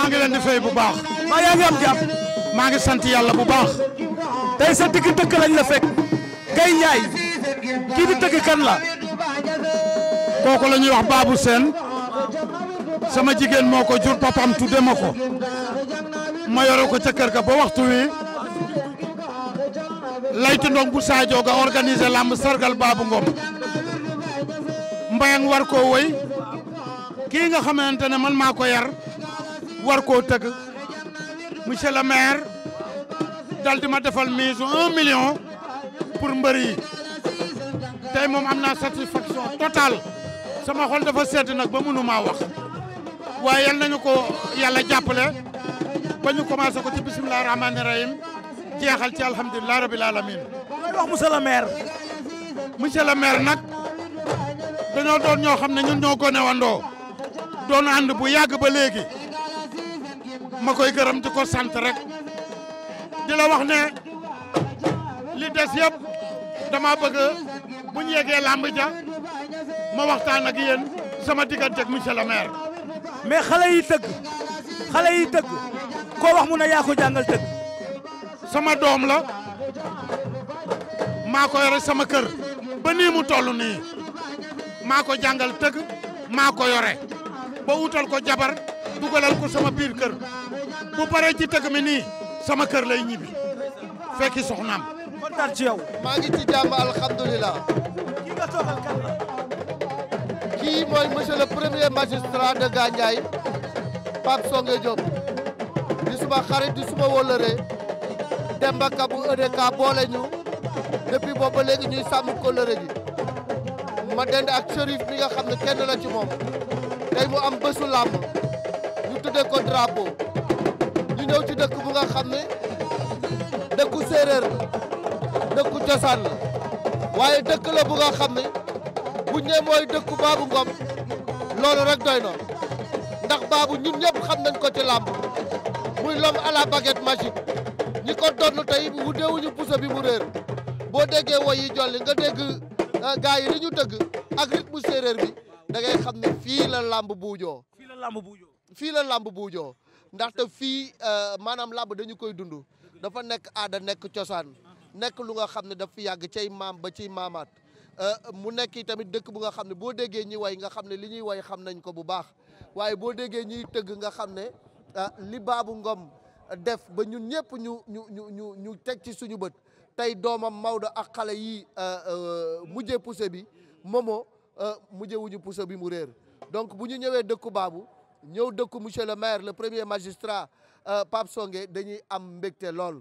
maa ngi leen di fay bu baax. maa yaa ngi am maa ngi sant yàlla bu baax. tey sa digg dëkk lañ la fekk. Gaye Ndiaye. kii di tëgg kan la. kooku la ñuy wax baabu Sène sama jigéen moo ko jur papam tudde ma ko ko ca kër ga ba waxtu wi laytu ndong bu Sadio ga organiser làmb sargal Babou Ngom mbayang war koo woy kii nga xamante ne man maa ko yar war ko tëgg monsieur le maire dal ma defal mise un million pour mbër yi tey moom am na satisfaction totale sama xol dafa sedd nag ba mënu maa wax waaye yal nañu ko yàlla jàppale ba ñu commencé ko ci bisimilah rahmaani rahim jeexal ci alhamdulilah rabil alamin looy wax monsieur nag dañoo doon ñoo xam ne ñun ñoo gone wandoo doon ànd bu yàgg ba léegi ma koy gërëm di ko sant rek di la wax ne li des yëpp dama bëgg bu ñu yeggee làmb ja ma waxtaan ak yéen sama diggante ak monsieur le maire. mais xale yi tëgg xale yi tëgg koo wax mu ne jàngal tëgg. sama doom la maa ko yore sama kër ba nii mu toll nii maa ko jàngal tëgg maa ko yore ba wutal ko jabar dugalal ko sama biir kër. bu paree ci tëgg mi nii sama kër lay ñibbi fekki soxnaam. maa ngi ci jàmm alhamdulilah. kii la. kii mooy monsieur le premier magistrat de Gandiaye Pape Songe di suma xarit di suma wóllëre Demba bu EDK boole ñu depuis boobu léegi ñuy sàmm kóllëre ji ma dend ak Chérif mi nga xam ne kenn la ci moom tey mu am bésu làmb ñu tuddee ko drapeau. ñu ñëw ci dëkk bu nga xam ne dëkku séeréer dëkku cosaan la waaye dëkk la bu nga xam ne buñ ne mooy dëkku Babou Ngom loolu rek doy na ndax Babou ñun ñëpp xam nañ ko ci làmb muy l'homme à la ñi ko donn tey mu déewuñu puso bi mu réer boo déggee woy yi jolli nga dégg euh, gaa yi li ñu tëgg ak rythme séeréer bi da xam ne fii la làmb buujoo fii la làmb buujoo fii la làmb buujoo ndaxte fii euh, maanaam làmb dañu koy dund dafa nekk aada nekk cosaan nekk lu nga xam ne daf fi yàgg cay maam ba ci maamaat euh, mu nekk tamit dëkk bu nga xam ne boo déggee ñi way nga xam ne li ñuy way xam nañ ko bu baax waaye boo déggee ñiy tëgg nga xam ne euh, li baabu ngom def ba ñun ñëpp ñu ñu ñu ñu ñu teg ci suñu bët tey doomam Maodo ak xale yi mujjee poussé bi momo mujjee wuñu poussé bi mu réer donc bu ñu ñëwee dëkku baabu ñëw dëkku monsieur le maire le premier magistrat euh, Pape Songué dañuy am mbégte lool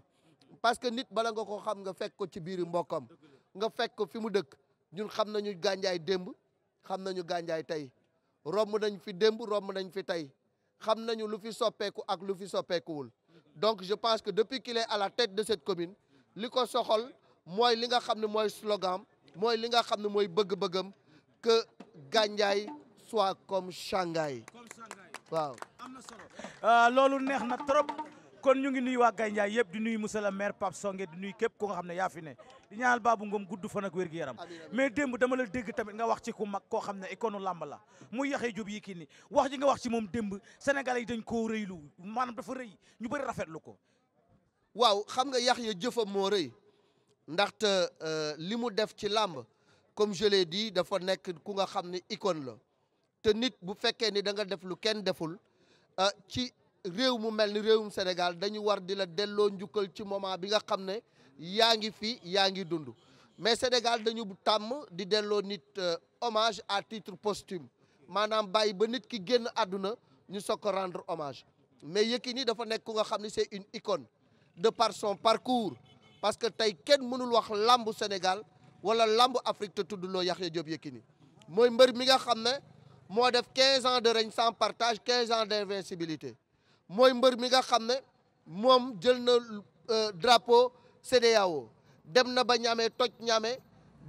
parce que nit bala nga ko xam nga fekk ko ci biir mbokkam nga fekk ko fi mu dëkk ñun xam nañu gànjaay démb xam nañu gànjaay tey romb nañ fi démb romb nañ fi tey xam nañu lu fi soppeeku ak lu fi soppeekuwul donc je pense que depuis qu'il est à la tête de cette commune li ko soxal mooy li nga xam ne mooy slogan mooy li nga xam ne mooy bëgg-bëggam que Gandiaye soit comme Shanghai waaw am na solo ah, loolu neex na trop kon ñu ngi nuyu waa Gandiaye yëpp di nuyu monsieur le maire Pape Songe di nuyu képp ko nga xam ne yaa fi ne di ñaanal Babou Ngom gudd fan ak wér yaram mais démb dama la dégg tamit nga wax ci ku mag koo xam ne icône làmb la muy yi Jóob ni wax ji nga wax ci moom demb Sénégalais yi dañ koo rëylu maanaam dafa rëy ñu bëri rafetlu ko waaw xam nga Yaxya jëfam moo rëy ndaxte euh, li mu def ci làmb comme je l'ai dit dafa nekk ku nga xam ne icône la te nit bu fekkee ni da nga def lu kenn deful euh, ci réew mu mel ni réewum Sénégal dañu war di la delloo njukkal ci moment bi nga xam ne yaa ngi fi yaa ngi dund mais Sénégal dañu tàmm di delloo nit euh, hommage à titre posthume maanaam bàyyi ba nit ki génn àdduna ñu soog rendre hommage mais Yékini dafa nekk ku nga xam ne c'est une icône de par son parcours parce que tey kenn mënul wax lambu Sénégal wala lamb Afrique te tuddloo Yaxya Diop Yékini mooy mbër mi nga xam ne moo def 15 ans de règne sans partage 15 ans d'invincibilité mooy mbër mi nga xam ne moom jël na euh, drapeau CEDEAO dem na ba ñamee toj ñame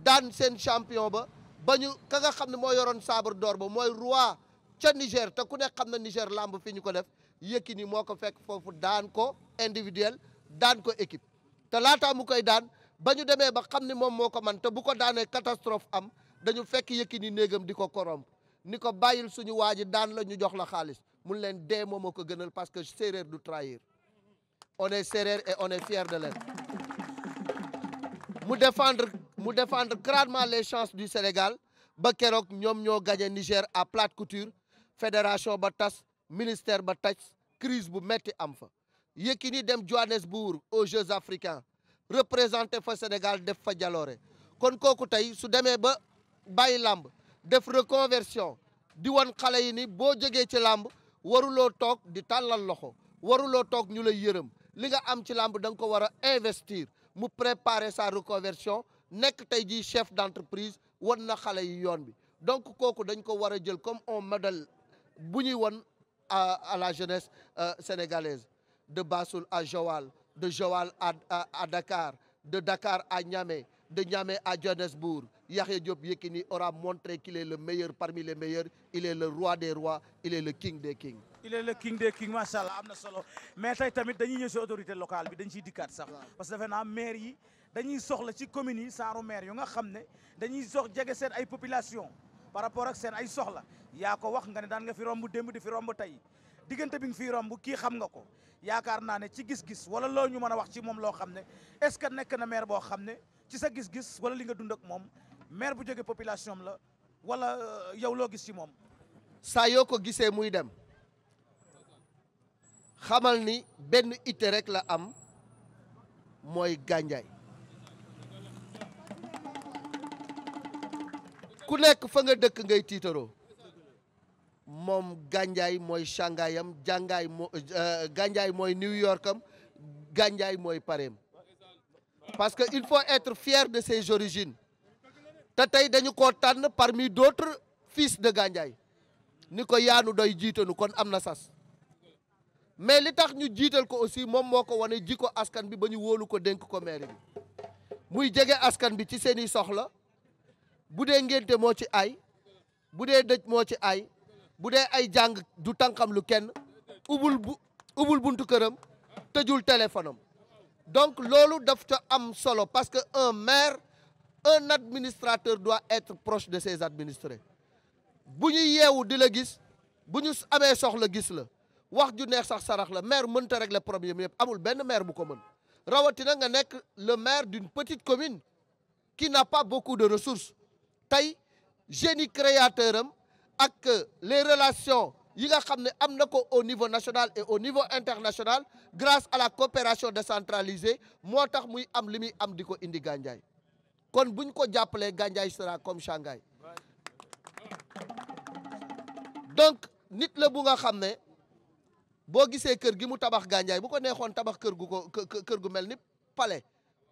daan seen champion ba ba ñu ka nga xam ne moo yoroon sabre d'or ba mooy roi ca Niger te ku nekk xam na Niger lamb fi ñu ko def yëkki ni moo ko fekk foofu daan ko individuel daan ko équipe te laataa mu koy daan ba ñu demee ba xam ni moom moo ko man te bu ko daanee catastrophe am dañu fekk ni néegam di ko corrompre ni ko bàyyil suñu waa ji daan la ñu jox la xaalis mun leen dee moom moo ko gënal parce que séeréer du trahir on est séeréer et on est de l'être mu défendre mu défendre crânement les chances du Sénégal ba keroog ñoom ñoo gagné Niger à plate couture fédération ba tas ministère ba taj crise bu metti am fa Yékini dem Johannesburg aux Jeux africains représenté fa Sénégal def fa jalore kon kooku tey su demee ba bàyyi làmb def reconversion di wan xale yi ni boo jegee ci làmb waruloo toog di tàllal loxo waruloo toog ñu lay yërëm li nga am ci làmb da nga ko war a investir mu préparer sa reconversion nekk tey jii chef d'entreprise wan na xale yi yoon bi donc kooku dañ ko war a jël comme on modèle bu ñuy wan à la jeunesse euh, sénégalaise de Bassoul à Joal de Joal à à Dakar de dakaar à ñame de Niamey à Johannesburg, Yahya Diop Yekini aura montré qu'il est le meilleur parmi les meilleurs, il est le roi des rois, il est le king des kings. il est king des kings macha am na solo mais tey tamit dañuy ñëw si autorité locale bi dañ ciy dikkaat sax. parce que defe naa maire yi dañuy soxla ci commune yi saaru maire yu nga xam ne dañuy sox jege seen ay population par rapport ak seen ay soxla yaa ko wax nga ne daan nga fi romb démb di fi romb tey diggante bi nga fi romb kii xam nga ko yaakaar naa ne ci gis-gis wala loo ñu mën a wax ci moom loo xam ne est-ce que nekk na maire xam ne. ci sa gis-gis wala li nga dund ak moom maire bu jógee population la wala euh, yow loo gis ci moom. saa yoo ko gisee muy dem xamal ni benn itte rek la am mooy gànjaay ku nekk fa nga dëkk ngay tiitaroo moom gànjaay mooy shanghayam jàngaay moo euh, gànjaay mooy new yorkam gànjaay mooy pareem parce que il faut être fier de ses origines te tey dañu ko tànn parmi d'autres fils de Gandiaye ni ko yaanu doy jiitanu kon am na sas mais li tax ñu jiital ko aussi moom moo ko wane ji ko askan bi ba ñu wóolu ko dénk ko maire bi muy jege askan bi ci seeni soxla bu dee ngénte moo ci ay bu dee dëj moo ci ay bu dee ay jàng du tànkam lu kenn ubul bu ubul buntu këram tëjul téléphone am donc loolu daf ca am solo parce que un maire un administrateur doit être proche de ses administrés bu ñu yeewu di la gis bu ñu amee soxla gis la wax ju neex sax sarax la maire mënta régler problème yëpp amul benn maire bu ko mën rawatina nga nekk le maire d'une petite commune qui n'a pas beaucoup de ressources tey génie créateur am ak les relations yi nga xam ne am na ko au niveau national et au niveau international grace à la coopération décentralisée moo tax muy am li muy am di ko indi Gandiaye kon buñ ko jàppalee Gandiaye sera comme Shanghai donc nit la bu nga xam ne boo gisee kër gi mu tabax Gandiaye bu ko neexoon tabax kër gu ko kër gu mel ni pale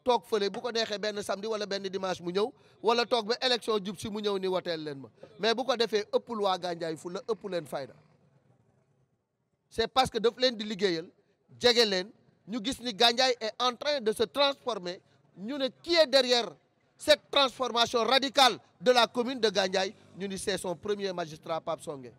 toog fële bu ko neexee benn samedi wala benn dimanche mu ñëw wala toog ba élection jub si mu ñëw ni woteel leen ma mais bu ko defee ëppul waa Gandiaye fu la ëpp leen fayda c'est parce que daf leen di liggéeyal jege leen ñu gis ni Gandiaye est en train de se transformer ñu ne qui est derrière cette transformation radicale de la commune de Gandiaye ñu ni c'est son premier magistrat Pape songe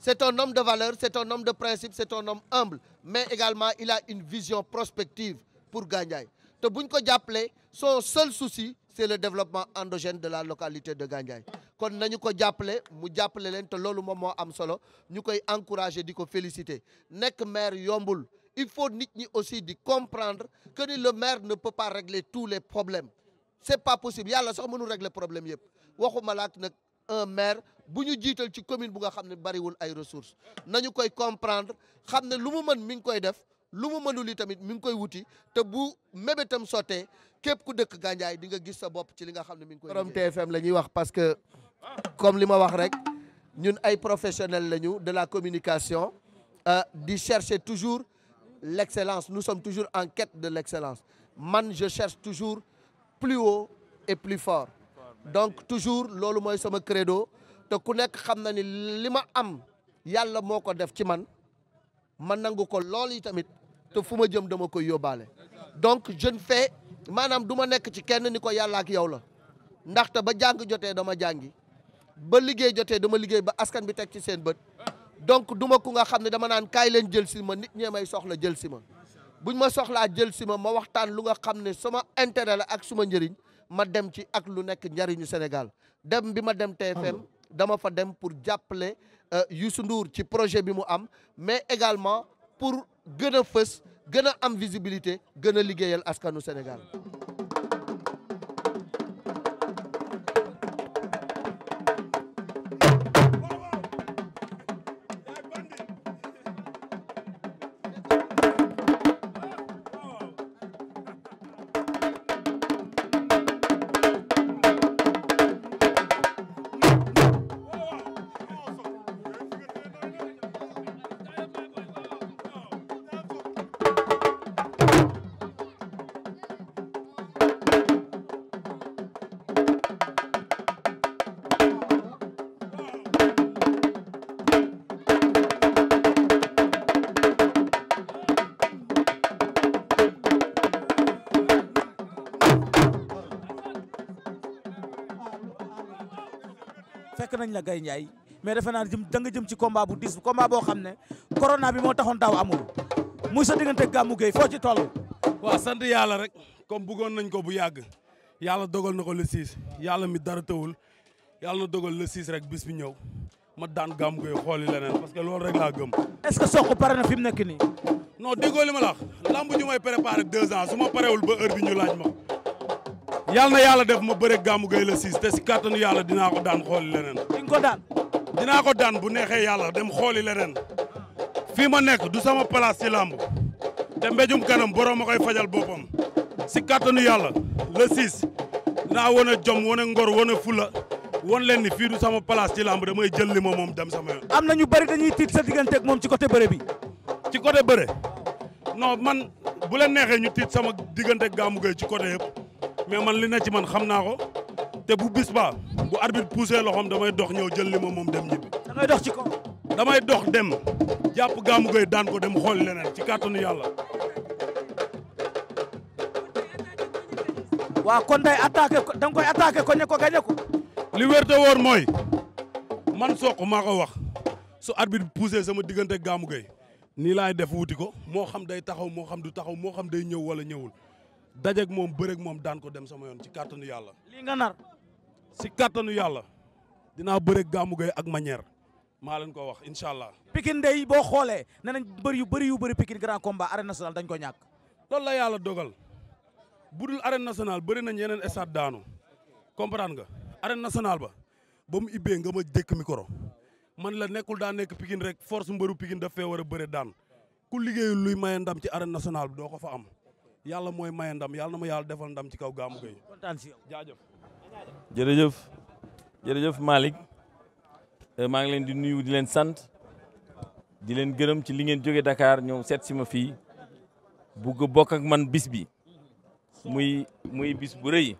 c'est un homme de valeur c'est un homme de principe c'est un homme humble mais également il a une vision prospective pour Gandiaye te bu ñu ko jàppale son seul souci c'est le développement endogène de la localité de Gandiaye kon nañu ko jàppale mu jàppale leen te loolu moom moo am solo ñu koy encourager di ko féliciter nekk maire yombul il faut nit ñi aussi di comprendre que ni le maire ne peut pas régler tous les problèmes c'est pas possible yàlla sax mënul régler problème yëpp waxuma laak nag un maire bu ñu jiital ci commune bu nga xam ne bariwul ay ressources nañu koy comprendre xam ne lu mu mën mi ngi koy def lu mu mënul yi tamit mi ngi koy wuti te bu mébétam sottee képp ku dëkk Gandiaye di nga gis sa bopp ci li nga xam ne mi ngi koy borom TFM la ñuy wax parce que comme li ma wax rek ñun ay professionnels lañu de la communication euh, di chercher toujours l'excellence nous sommes toujours en quête de l'excellence man je cherche toujours plus et plus fort donc toujours loolu mooy sama credo te ku nekk xam na ni li ma am yàlla moo ko def ci man ma nangu ko lool yi tamit te fu ma jëm dama koy yóbbaale donc je ne maanaam du ma nekk ci kenn ni ko yàlla ak yow la ndaxte ba jàng jotee dama jàngi ba liggéey jotee dama liggéey ba askan bi teg ci seen bët donc du ma ku nga xam ne dama naan kaay leen jël si ma nit ñee may soxla jël si ma buñ ma soxlaa jël si ma ma waxtaan lu nga xam ne sama intérêt la ak suma njëriñ ma dem ci ak lu nekk njëriñu Sénégal dem bi ma dem TFM dama fa dem pour jàppale euh, Youssou nduur ci projet bi mu am gën a fës gën a am visibilité gën a liggéeyal askanu Sénégal ñàkk nañ la Gaye Ndiaye mais defe naa jëm da nga jëm ci combat bu diis combat boo xam ne corona bi moo taxoon daaw amul muy sa diggante Gamou Gueye foo ci toll. waaw sant yàlla rek comme bëggoon nañ ko bu yàgg yàlla dogal na ko la 6 yàlla mi dara tawul yàlla na dogal le 6 rek bis bi ñëw ma daan Gamou Gueye parce que loolu rek laa gëm. est ce que soq pare na fi mu nekk nii. non déggoo li ma la lamb ju préparé deux ans su ma parewul ba heure bi ñu laaj ma yal na yàlla def ma bëre Gamou Gueye la siis te si yàlla dinaa ko daan xooli leneen. di ko daan. dinaa ko daan bu neexee yàlla dem xooli leneen fii ma nekk du sama place ci làmb te mbéjum kanam borom ma koy fajal boppam si kàttanu yàlla la siis naa wane jom wane ngor wane fula wan leen ni fii du sama place ci làmb damay jël li ma moom dem sama yoon. am na ñu bëri dañuy tiit sa diggante ak moom ci côté bëre bi. ci côté bëre non man bu leen neexee ñu tiit sama diggante Gamou Gueye ci côté yëpp. mais man li ne ci man xam naa ko te bu bis ba bu arbitre poussé loxoom damay dox ñëw jël li ma moom dem ñibbi. damay dox ci ko damay dox dem jàpp gàmmu gay daan ko dem xool leneen ci kàttanu yàlla. waa kon day attaqué ko da nga koy attaqué ko ne ko gañe ko. li mooy man Sokh maa ko wax su arbitre poussé sama diggante gàmmu gay nii laay def wuti ko moo xam day taxaw moo xam du taxaw moo xam day ñëw wala ñëwul. dajeeg moom bëreeg moom daan ko dem sama yoon ci kàttanu yàlla. lii nga nar. si kàttanu yàlla. dinaa bëreeg Gamou Gueye ak manière. maa leen ko wax incha allah. Pikine day boo xoolee nee nañ bëri yu bëri yu bëri Pikine grand combat dañ ko ñàkk. loolu la yàlla dogal. budul arène nationale bëri nañ yeneen stade daanu. comprendre nga. arène nationale ba. ba mu ibbee nga ma dëkk micro. man la nekkul daa nekk Pikine rek force mbëru Pikine daf fee war a bëre daan. ku liggéeyul luy maye ndam ci arène nationale doo ko fa am. yàlla mooy maye ndam yàlla na yàlla defal ndam ci kaw gàmmu gay jaajëf jërëjëf jërëjëf malik eh, maa ngi leen di nuyu di leen sant di leen gërëm ci li ngeen jóge dakaar ñëw seet si ma fi bugg bokk ak man bis bi muy muy bis bu rëy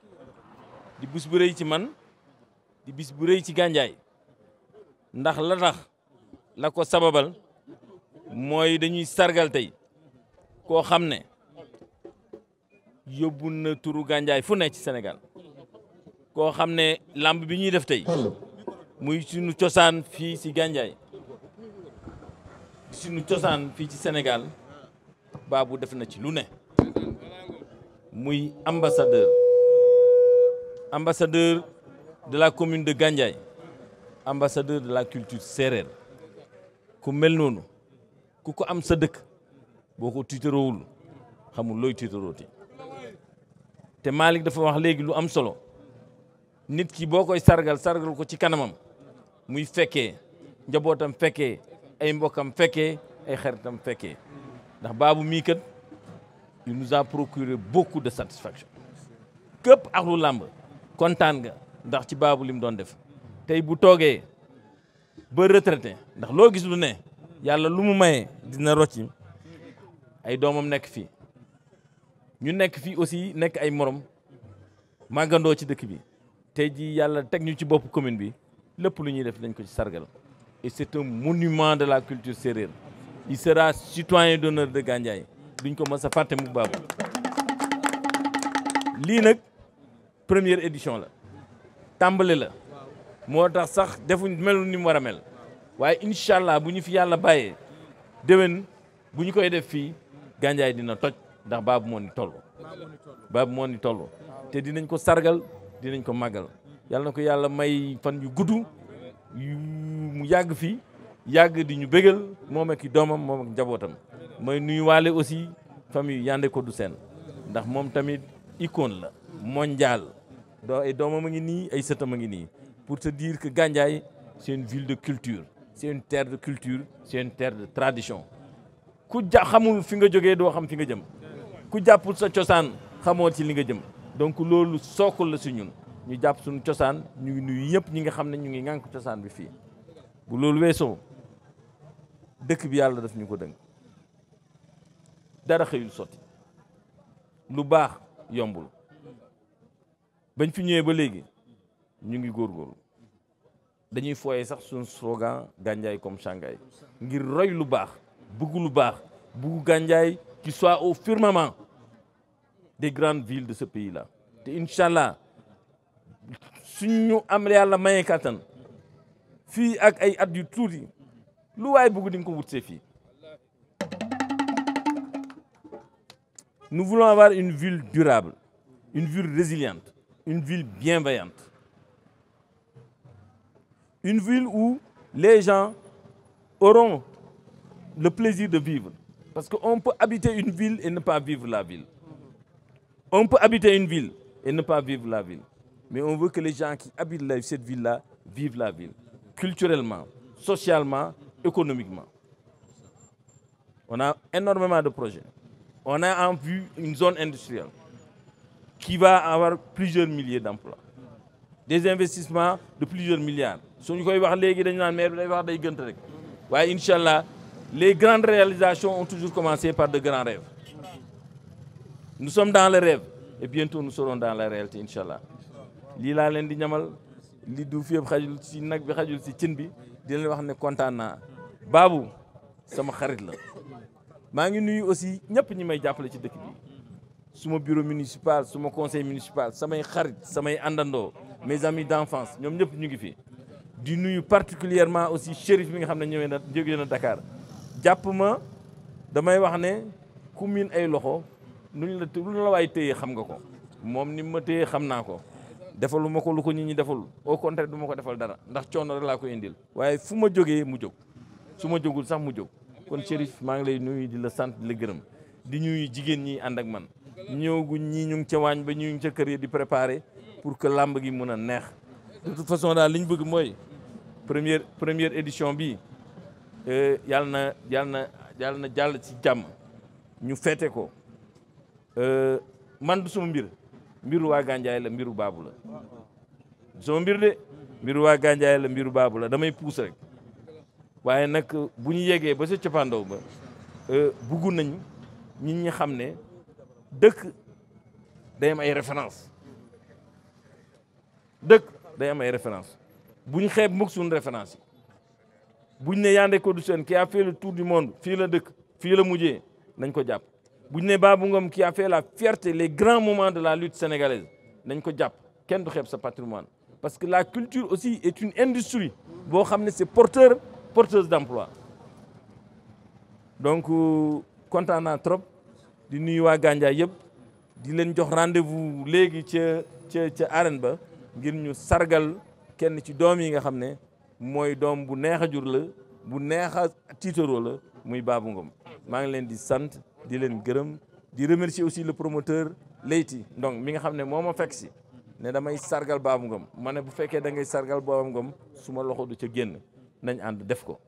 di bis bu rëy ci man di bis bu rëy ci Gandiaye ndax la tax la ko sababal mooy dañuy sargal tey koo xam ne yóbbu na turu Gandiaye fu ne ci Sénégal koo xam ne lamb bi ñuy def tey muy suñu cosaan fii si Gandiaye suñu cosaan fii ci Sénégal baabu def na ci lu ne muy ambassadeur ambassadeur de la commune de Gandiaye ambassadeur de la culture sérère ku mel noonu ku ko am sa dëkk boo ko tiitaroowul xamul looy tiitarooti te Malick dafa wax léegi lu am solo nit ki boo koy sargal sargal ko ci kanamam muy fekkee njabootam fekkee ay mbokkam fekkee ay xaritam fekkee ndax baabu mii kat il nous a procuré beaucoup de satisfaction képp ak lu làmb kontaan nga ndax ci baabu li doon def tey bu toogee ba ndax loo gis lu ne yàlla lu mu mayee dina rocci ay doomam nekk fii ñu nekk fii aussi nekk ay morom màggandoo ci dëkk bi tey jii yàlla teg ñu ci boppu commune bi lépp lu ñuy def dañ ko ci sargal et c'est un monument de la culture sérère il sera citoyen d'honneur de Gandiaye duñ ko mës a fàtte mu baabu lii nag première édition la tàmbali la moo tax sax defuñ melul ni mu war a mel waaye incha allah bu ñu fi yàlla bàyyee déwén bu ñu koy def fii Gandiaye dina toj ndax baabu moo ni toll baabu moo ni toll te dinañ ko sargal dinañ ko maggal yàlla na ko yàlla may fan yu gudd yu mu yàgg fii yàgg di ñu bégal moom ak i doomam moom ak njabootam may nuyuwaale aussi yande ko du seen ndax moom tamit icône la mondial doo ay doomam a ngi nii ay sëtam a ngi nii pour te dire que Gandiaye c'est ville de culture seen une terre de culture seen une terre de tradition ku ja xamul fi nga jógee doo xam fi nga jëm ku jàppul sa cosaan xamoo ci li nga jëm donc loolu sookul la si ñun ñu jàpp suñu cosaan ñu ngi nuyu ñëpp ñi nga xam ne ñu ngi ko cosaan bi fii bu loolu weesoo dëkk bi yàlla daf ñu ko dënk dara xëyul sotti lu baax yombul bañ fi ñëwee ba léegi ñu ngi góor góor dañuy fooyee sax suñu slogan gànjaay comme Shanghai ngir roy lu baax bëgg lu baax bëggu gànjaay qui soit au firmament des grandes villes de ce pays la te incha allah suñu am yàlla maye kattan fii ak ay at yu tuuti lu waay bëgg di nga ko wutsee fii. nous voulons avoir une ville durable une ville résiliente une ville bienveillante une ville où les gens auront le plaisir de vivre parce que on peut habiter une ville et ne pas vivre la ville On peut habiter une ville et ne pas vivre la ville. Mais on veut que les gens qui habitent là, cette ville-là vivent la ville, culturellement, socialement, économiquement. On a énormément de projets. On a en vue une zone industrielle qui va avoir plusieurs milliers d'emplois. Des investissements de plusieurs milliards. Si on parle de les grandes réalisations ont toujours commencé par de grands rêves. nous sommes dans le rêve et bientôt nous serons dans la réalité incha allah lii laa leen di ñamal li du fi yëpp xajul si nag bi xajul si cin bi dina leen wax ne kontaan naa baabu sama xarit la maa ngi nuyu aussi ñëpp ñi may jàppale ci dëkk bi suma bureau municipal suma conseil municipal samay xarit samay àndandoo mes amis d'enfance ñoom ñëpp ñu ngi fi di nuyu particulièrement aussi shérif mi nga xam ne ñëwee na jógee na Dakar jàpp ma damay wax ne ku ay loxo nu la luñ la waay xam nga ko moom ni ma téye xam naa ko defalu ma ko lu ko nit ñi defalul au contraire du ma ko defal dara ndax coono rek laa ko indil waaye fu ma jógee mu jóg su ma jógul sax mu jóg kon Chérif maa ngi lay nuyu di la sant di la gërëm di ñuy jigéen ñi ànd ak man ñëwaguñ ñii ñu ngi ca waañ ba ñu ngi ca kër yi di préparer pour que làmb gi mun a neex de toute façon daal li ñu bëgg mooy première première édition bi euh, yàlla na yàlla na yàlla na jàll ci jàmm ñu feete ko Euh, man du sama mbir mbiru waa Gandiaye la mbiru baabu la du sama mbir de mbiru waa Gandiaye la mbiru baabu la damay puus rek waaye nag euh, bu ñu yegee ba sa cappaandaw ba euh, bugg nañu nit ñi xam ne dëkk day am ay référence dëkk day am ay référence bu ñu xeeb mukk suñu référence yi bu ñu ne Yandé Codou Sène qui a fait le du monde fii la dëkk fii la mujjee nañ ko jàpp bu ñu ne Babou ngoom ki a fait la fierté les grands moments de la lutte sénégalaise dañ ko jàpp kenn du xeeb sa patrimoine parce que la culture aussi est une industrie boo xam ne c'est porteur porteuse d'emploi donc euh, kontaan naa trop di nuyu waa Gandiaye yëpp di leen jox rendez-vous léegi ca ca ca arène ba ngir ñu sargal kenn ci doom yi nga xam ne mooy doom bu neex a jur la bu neex a tiitaroo la muy Babou ngoom maa ngi leen di sant di leen gërëm di remercier aussi le promoteur Leyti donc mi nga xam ne moo ma fekk si ne damay sargal Babou Ngom ma ne bu fekkee da ngay sargal Babou Ngom su ma loxo du ca génn nañ ànd def ko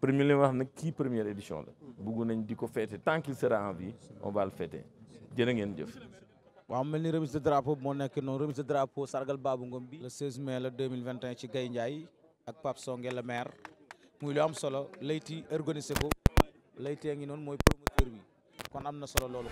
premier li ma wax nag kii première édition la bugg nañ di ko fêter tant qu'il sera en vie on va le fêter jërë ngeen jëf waaw mel ni remise de drapeau moo nekk noonu remise de drapeau sargal Babou Ngom bi la 16 mai la 2021 ci Gaye Ndiaye ak Pape Songe le maire muy lu am solo Leyti organisé ko Leyti kon am na solo loolu